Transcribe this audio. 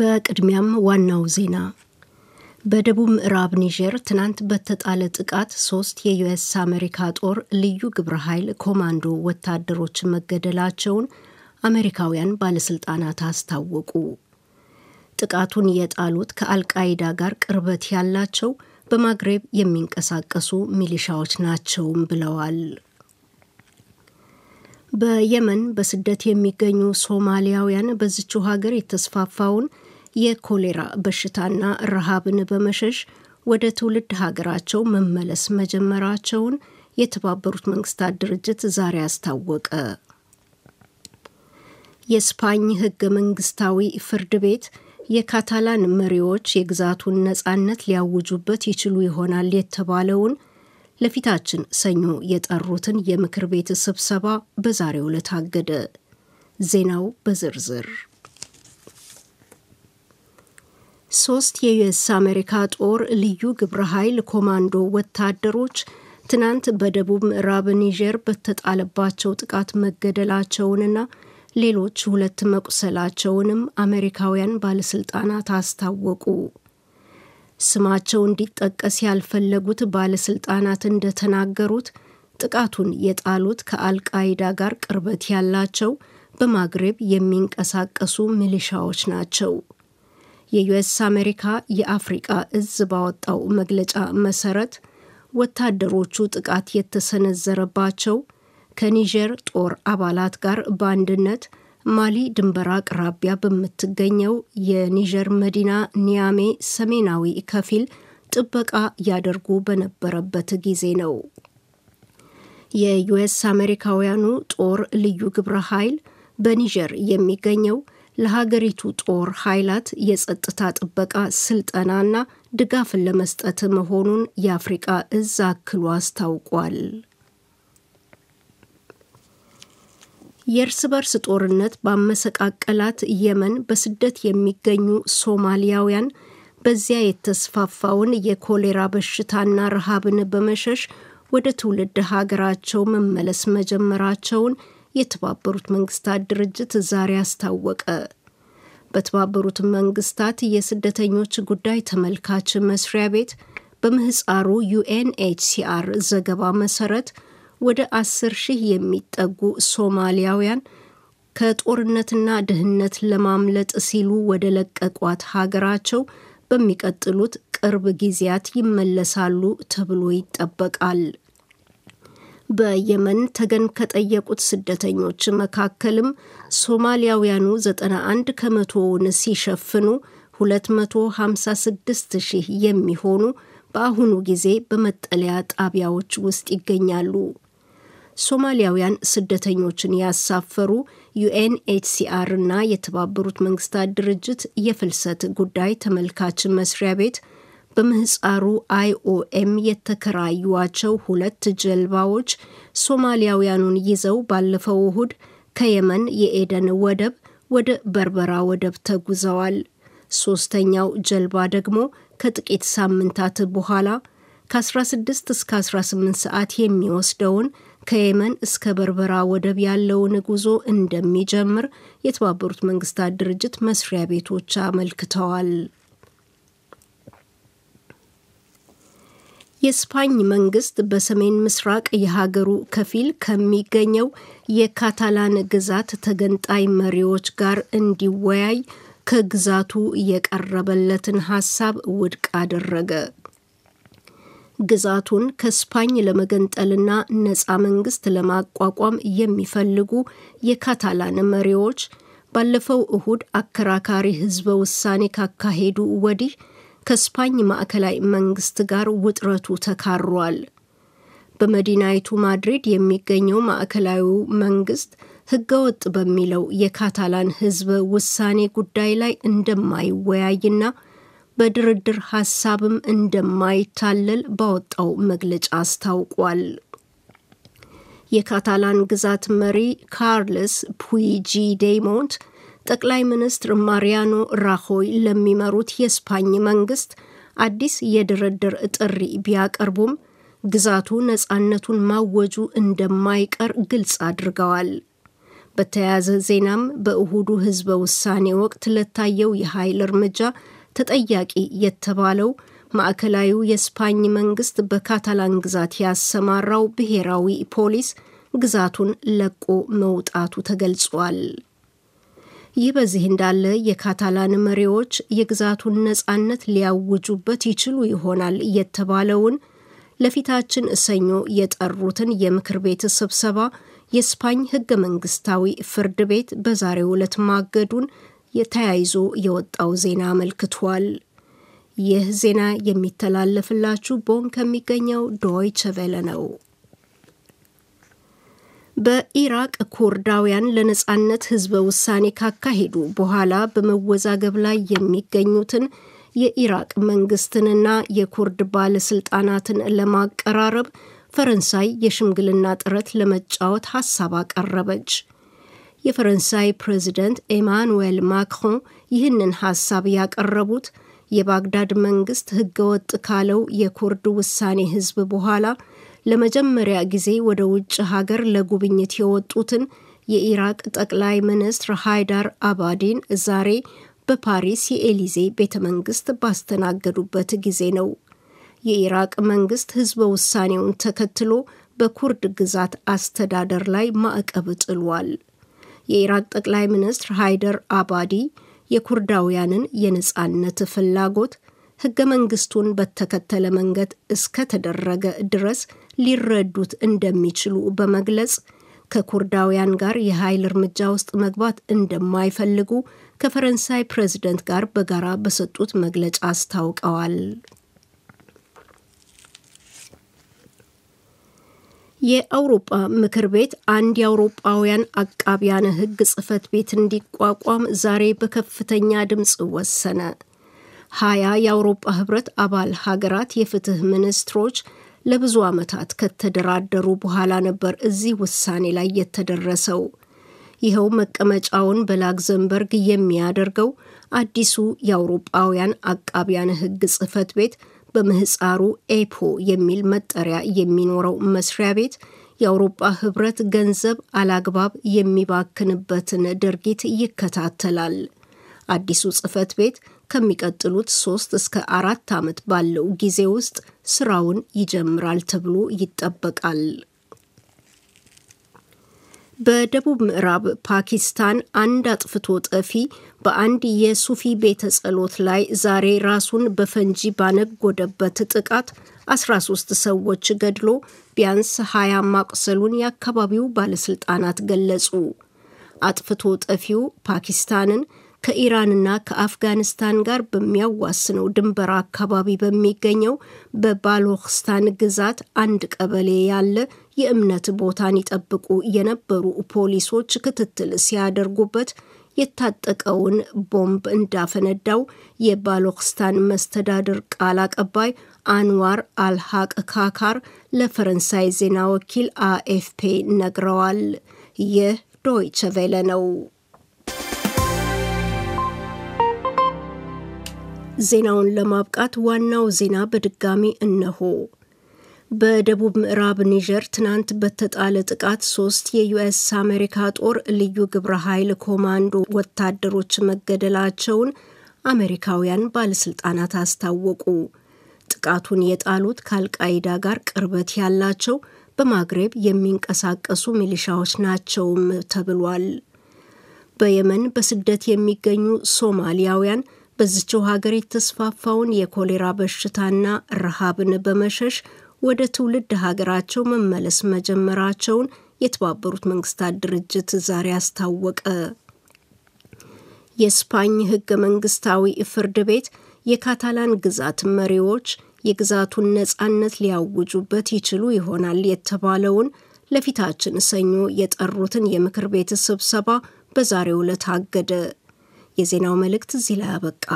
በቅድሚያም ዋናው ዜና በደቡብ ምዕራብ ኒጀር ትናንት በተጣለ ጥቃት ሶስት የዩኤስ አሜሪካ ጦር ልዩ ግብረ ኃይል ኮማንዶ ወታደሮች መገደላቸውን አሜሪካውያን ባለሥልጣናት አስታወቁ። ጥቃቱን የጣሉት ከአልቃይዳ ጋር ቅርበት ያላቸው በማግሬብ የሚንቀሳቀሱ ሚሊሻዎች ናቸውም ብለዋል። በየመን በስደት የሚገኙ ሶማሊያውያን በዝችው ሀገር የተስፋፋውን የኮሌራ በሽታና ረሃብን በመሸሽ ወደ ትውልድ ሀገራቸው መመለስ መጀመራቸውን የተባበሩት መንግስታት ድርጅት ዛሬ አስታወቀ። የስፓኝ ህገ መንግስታዊ ፍርድ ቤት የካታላን መሪዎች የግዛቱን ነጻነት ሊያውጁበት ይችሉ ይሆናል የተባለውን ለፊታችን ሰኞ የጠሩትን የምክር ቤት ስብሰባ በዛሬው ዕለት አገደ። ዜናው በዝርዝር ሶስት የዩኤስ አሜሪካ ጦር ልዩ ግብረ ኃይል ኮማንዶ ወታደሮች ትናንት በደቡብ ምዕራብ ኒጀር በተጣለባቸው ጥቃት መገደላቸውንና ሌሎች ሁለት መቁሰላቸውንም አሜሪካውያን ባለሥልጣናት አስታወቁ። ስማቸው እንዲጠቀስ ያልፈለጉት ባለስልጣናት እንደተናገሩት ጥቃቱን የጣሉት ከአልቃይዳ ጋር ቅርበት ያላቸው በማግሬብ የሚንቀሳቀሱ ሚሊሻዎች ናቸው። የዩኤስ አሜሪካ የአፍሪቃ እዝ ባወጣው መግለጫ መሰረት ወታደሮቹ ጥቃት የተሰነዘረባቸው ከኒጀር ጦር አባላት ጋር በአንድነት ማሊ ድንበር አቅራቢያ በምትገኘው የኒጀር መዲና ኒያሜ ሰሜናዊ ከፊል ጥበቃ ያደርጉ በነበረበት ጊዜ ነው። የዩኤስ አሜሪካውያኑ ጦር ልዩ ግብረ ኃይል በኒጀር የሚገኘው ለሀገሪቱ ጦር ኃይላት የጸጥታ ጥበቃ ስልጠናና ድጋፍን ለመስጠት መሆኑን የአፍሪቃ እዝ አክሎ አስታውቋል። የእርስ በርስ ጦርነት ባመሰቃቀላት የመን በስደት የሚገኙ ሶማሊያውያን በዚያ የተስፋፋውን የኮሌራ በሽታና ረሃብን በመሸሽ ወደ ትውልድ ሀገራቸው መመለስ መጀመራቸውን የተባበሩት መንግስታት ድርጅት ዛሬ አስታወቀ። በተባበሩት መንግስታት የስደተኞች ጉዳይ ተመልካች መስሪያ ቤት በምህፃሩ ዩኤንኤችሲአር ዘገባ መሰረት ወደ አስር ሺህ የሚጠጉ ሶማሊያውያን ከጦርነትና ድህነት ለማምለጥ ሲሉ ወደ ለቀቋት ሀገራቸው በሚቀጥሉት ቅርብ ጊዜያት ይመለሳሉ ተብሎ ይጠበቃል። በየመን ተገን ከጠየቁት ስደተኞች መካከልም ሶማሊያውያኑ 91 ከመቶውን ሲሸፍኑ 256 ሺህ የሚሆኑ በአሁኑ ጊዜ በመጠለያ ጣቢያዎች ውስጥ ይገኛሉ። ሶማሊያውያን ስደተኞችን ያሳፈሩ ዩኤንኤችሲአር እና የተባበሩት መንግስታት ድርጅት የፍልሰት ጉዳይ ተመልካች መስሪያ ቤት በምህፃሩ አይኦኤም የተከራዩዋቸው ሁለት ጀልባዎች ሶማሊያውያኑን ይዘው ባለፈው እሁድ ከየመን የኤደን ወደብ ወደ በርበራ ወደብ ተጉዘዋል። ሶስተኛው ጀልባ ደግሞ ከጥቂት ሳምንታት በኋላ ከ16 እስከ 18 ሰዓት የሚወስደውን ከየመን እስከ በርበራ ወደብ ያለውን ጉዞ እንደሚጀምር የተባበሩት መንግስታት ድርጅት መስሪያ ቤቶች አመልክተዋል። የስፓኝ መንግስት በሰሜን ምስራቅ የሀገሩ ከፊል ከሚገኘው የካታላን ግዛት ተገንጣይ መሪዎች ጋር እንዲወያይ ከግዛቱ የቀረበለትን ሀሳብ ውድቅ አደረገ። ግዛቱን ከስፓኝ ለመገንጠልና ነፃ መንግስት ለማቋቋም የሚፈልጉ የካታላን መሪዎች ባለፈው እሁድ አከራካሪ ህዝበ ውሳኔ ካካሄዱ ወዲህ ከስፓኝ ማዕከላዊ መንግስት ጋር ውጥረቱ ተካሯል። በመዲናይቱ ማድሪድ የሚገኘው ማዕከላዊ መንግስት ህገወጥ በሚለው የካታላን ህዝበ ውሳኔ ጉዳይ ላይ እንደማይወያይና በድርድር ሀሳብም እንደማይታለል ባወጣው መግለጫ አስታውቋል። የካታላን ግዛት መሪ ካርልስ ፑይጂ ዴሞንት ጠቅላይ ሚኒስትር ማሪያኖ ራሆይ ለሚመሩት የስፓኝ መንግስት አዲስ የድርድር ጥሪ ቢያቀርቡም ግዛቱ ነፃነቱን ማወጁ እንደማይቀር ግልጽ አድርገዋል። በተያያዘ ዜናም በእሁዱ ህዝበ ውሳኔ ወቅት ለታየው የኃይል እርምጃ ተጠያቂ የተባለው ማዕከላዊ የስፓኝ መንግስት በካታላን ግዛት ያሰማራው ብሔራዊ ፖሊስ ግዛቱን ለቆ መውጣቱ ተገልጿል። ይህ በዚህ እንዳለ የካታላን መሪዎች የግዛቱን ነጻነት ሊያውጁበት ይችሉ ይሆናል የተባለውን ለፊታችን ሰኞ የጠሩትን የምክር ቤት ስብሰባ የስፓኝ ህገ መንግስታዊ ፍርድ ቤት በዛሬው ዕለት ማገዱን ተያይዞ የወጣው ዜና አመልክቷል። ይህ ዜና የሚተላለፍላችሁ ቦን ከሚገኘው ዶይቸ ቬለ ነው። በኢራቅ ኩርዳውያን ለነጻነት ህዝበ ውሳኔ ካካሄዱ በኋላ በመወዛገብ ላይ የሚገኙትን የኢራቅ መንግስትንና የኩርድ ባለስልጣናትን ለማቀራረብ ፈረንሳይ የሽምግልና ጥረት ለመጫወት ሀሳብ አቀረበች። የፈረንሳይ ፕሬዚደንት ኤማኑዌል ማክሮን ይህንን ሀሳብ ያቀረቡት የባግዳድ መንግስት ህገወጥ ካለው የኩርድ ውሳኔ ህዝብ በኋላ ለመጀመሪያ ጊዜ ወደ ውጭ ሀገር ለጉብኝት የወጡትን የኢራቅ ጠቅላይ ሚኒስትር ሃይዳር አባዲን ዛሬ በፓሪስ የኤሊዜ ቤተ መንግስት ባስተናገዱበት ጊዜ ነው። የኢራቅ መንግስት ህዝበ ውሳኔውን ተከትሎ በኩርድ ግዛት አስተዳደር ላይ ማዕቀብ ጥሏል። የኢራቅ ጠቅላይ ሚኒስትር ሃይደር አባዲ የኩርዳውያንን የነጻነት ፍላጎት ህገ መንግስቱን በተከተለ መንገድ እስከተደረገ ድረስ ሊረዱት እንደሚችሉ በመግለጽ ከኩርዳውያን ጋር የኃይል እርምጃ ውስጥ መግባት እንደማይፈልጉ ከፈረንሳይ ፕሬዝደንት ጋር በጋራ በሰጡት መግለጫ አስታውቀዋል። የአውሮፓ ምክር ቤት አንድ የአውሮፓውያን አቃቢያን ሕግ ጽህፈት ቤት እንዲቋቋም ዛሬ በከፍተኛ ድምፅ ወሰነ። ሀያ የአውሮፓ ህብረት አባል ሀገራት የፍትህ ሚኒስትሮች ለብዙ ዓመታት ከተደራደሩ በኋላ ነበር እዚህ ውሳኔ ላይ የተደረሰው። ይኸው መቀመጫውን በላግዘምበርግ የሚያደርገው አዲሱ የአውሮፓውያን አቃቢያን ሕግ ጽህፈት ቤት በምህፃሩ ኤፖ የሚል መጠሪያ የሚኖረው መስሪያ ቤት የአውሮጳ ህብረት ገንዘብ አላግባብ የሚባክንበትን ድርጊት ይከታተላል። አዲሱ ጽህፈት ቤት ከሚቀጥሉት ሶስት እስከ አራት ዓመት ባለው ጊዜ ውስጥ ስራውን ይጀምራል ተብሎ ይጠበቃል። በደቡብ ምዕራብ ፓኪስታን አንድ አጥፍቶ ጠፊ በአንድ የሱፊ ቤተ ጸሎት ላይ ዛሬ ራሱን በፈንጂ ባነጎደበት ጥቃት 13 ሰዎች ገድሎ ቢያንስ 20 ማቁሰሉን የአካባቢው ባለሥልጣናት ገለጹ። አጥፍቶ ጠፊው ፓኪስታንን ከኢራንና ከአፍጋኒስታን ጋር በሚያዋስነው ድንበር አካባቢ በሚገኘው በባሎክስታን ግዛት አንድ ቀበሌ ያለ የእምነት ቦታን ይጠብቁ የነበሩ ፖሊሶች ክትትል ሲያደርጉበት የታጠቀውን ቦምብ እንዳፈነዳው የባሎክስታን መስተዳድር ቃል አቀባይ አንዋር አልሃቅ ካካር ለፈረንሳይ ዜና ወኪል አኤፍፔ ነግረዋል። ይህ ዶይቸ ቬለ ነው። ዜናውን ለማብቃት ዋናው ዜና በድጋሚ እነሆ በደቡብ ምዕራብ ኒጀር ትናንት በተጣለ ጥቃት ሶስት የዩኤስ አሜሪካ ጦር ልዩ ግብረ ኃይል ኮማንዶ ወታደሮች መገደላቸውን አሜሪካውያን ባለስልጣናት አስታወቁ። ጥቃቱን የጣሉት ከአልቃይዳ ጋር ቅርበት ያላቸው በማግሬብ የሚንቀሳቀሱ ሚሊሻዎች ናቸውም ተብሏል። በየመን በስደት የሚገኙ ሶማሊያውያን በዚችው ሀገር የተስፋፋውን የኮሌራ በሽታና ረሃብን በመሸሽ ወደ ትውልድ ሀገራቸው መመለስ መጀመራቸውን የተባበሩት መንግስታት ድርጅት ዛሬ አስታወቀ። የስፓኝ ህገ መንግስታዊ ፍርድ ቤት የካታላን ግዛት መሪዎች የግዛቱን ነጻነት ሊያውጁበት ይችሉ ይሆናል የተባለውን ለፊታችን ሰኞ የጠሩትን የምክር ቤት ስብሰባ በዛሬው ዕለት አገደ። የዜናው መልእክት እዚህ ላይ አበቃ።